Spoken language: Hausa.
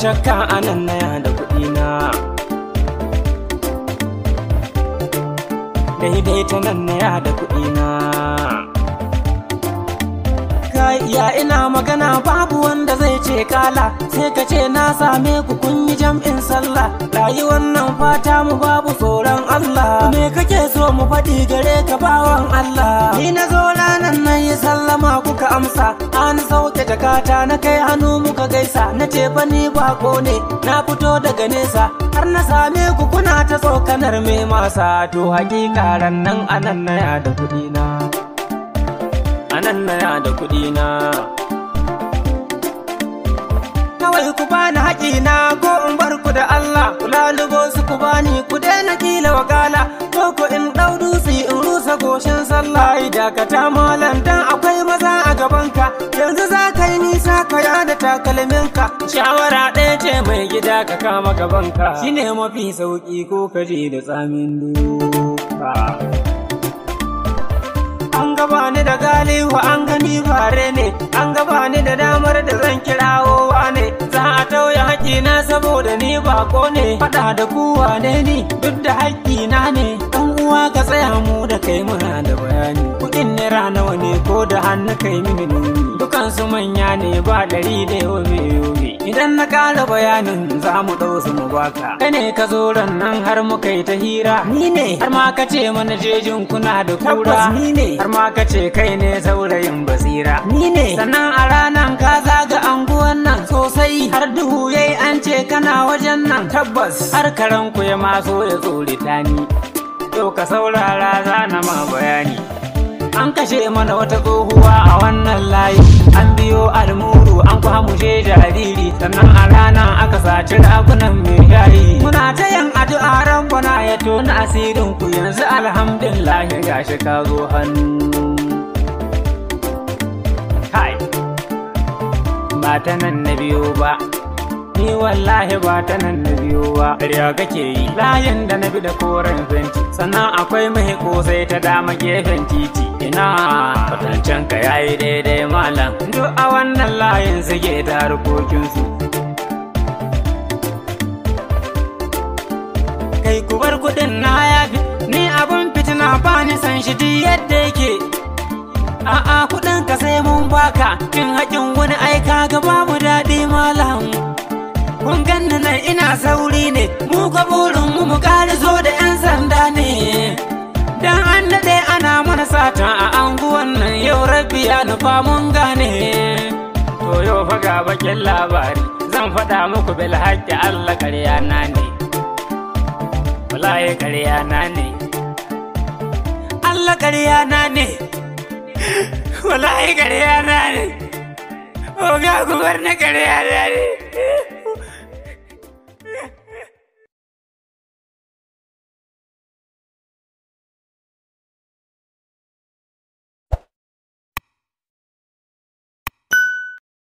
shakka anan naya da kuɗi na ta nan naya da kuɗi na ya ina magana babu wanda zai ce kala sai ka ce na same ku kun yi jam'in sallah rayuwar nan fata mu babu tsoron Allah me kake so mu faɗi gare ka bawan Allah ni na zo ranan nan yi sallama kuka amsa kata na kai hannu muka gaisa na ce bani bako ne na fito daga nesa har na same ku kuna ta tsokanar me masa to hakika ran nan anan na ya da kuɗi na anan na ya da kuɗi na kawai ku bani haƙi na ko in bar ku da Allah ku lubo su ku bani ku daina kila wakala ko ko in ɗau dutse in rusa goshin sallah dakata malam dan akwai yanzu za ka yi nisa ka ya da ka. shawara ɗaya ce mai gida ka kama gabanka shine mafi sauƙi ko ka je da tsamin duka an gaba ni da galihu an gani fare ne an gaba ni da damar da zan kirawo ne za a tauye na saboda ni bako ne faɗa da kowa ne ni duk da na ne ɗan uwa ka tsaya mu da kai muna da bayani naira nawa ne ko da hannu kai mini nuni dukansu manya ne ba ɗari da yobe yobe idan na ƙara bayanin za mu ɗau su mu baka kai ne ka zo ran nan har mu kai ta hira ni ne har ma ka ce mana jejin kuna da kura ni ne har ma ka ce kai ne saurayin basira ni ne sannan a ranan ka zaga anguwan nan sosai har duhu yayi an ce kana wajen nan tabbas har karan ku ya maso ya tsorita ni yau ka saurara zana ma bayani an kashe mana wata tsohuwa a wannan layi an biyo almuru an kwamushe jariri sannan a rana aka saci ragunan mai yayi muna ta yin addu'a rabbana ya tona asirin ku yanzu alhamdulillah shi ka zo hannu ba ta nan na biyo ba ni wallahi ba ta nan na biyo ba ƙarya kake yi layin da na bi da koren zanci sannan akwai mai kosai ta dama gefen titi ina fatancan ka yayi daidai malam duk a wannan layin suke ta harkokinsu kai kubar kuɗin na ya fi. ni abun fitina ba ni san shi duk yadda yake a'a kuɗin ka sai mun baka cin haƙin wani aika ga babu daɗi mala. ganna nan ina sauri ne mu ga burin mu mu kare zo da yan sanda ne dan an dade ana mana sata a anguwan nan yau rabbi ya nufa mun gane to yo fa ga bakin labari zan fada muku bil haƙƙi Allah kariya na ne wallahi kariya na ne Allah kariya na ne wallahi kariya na ne oga gubar na ƙarya na ne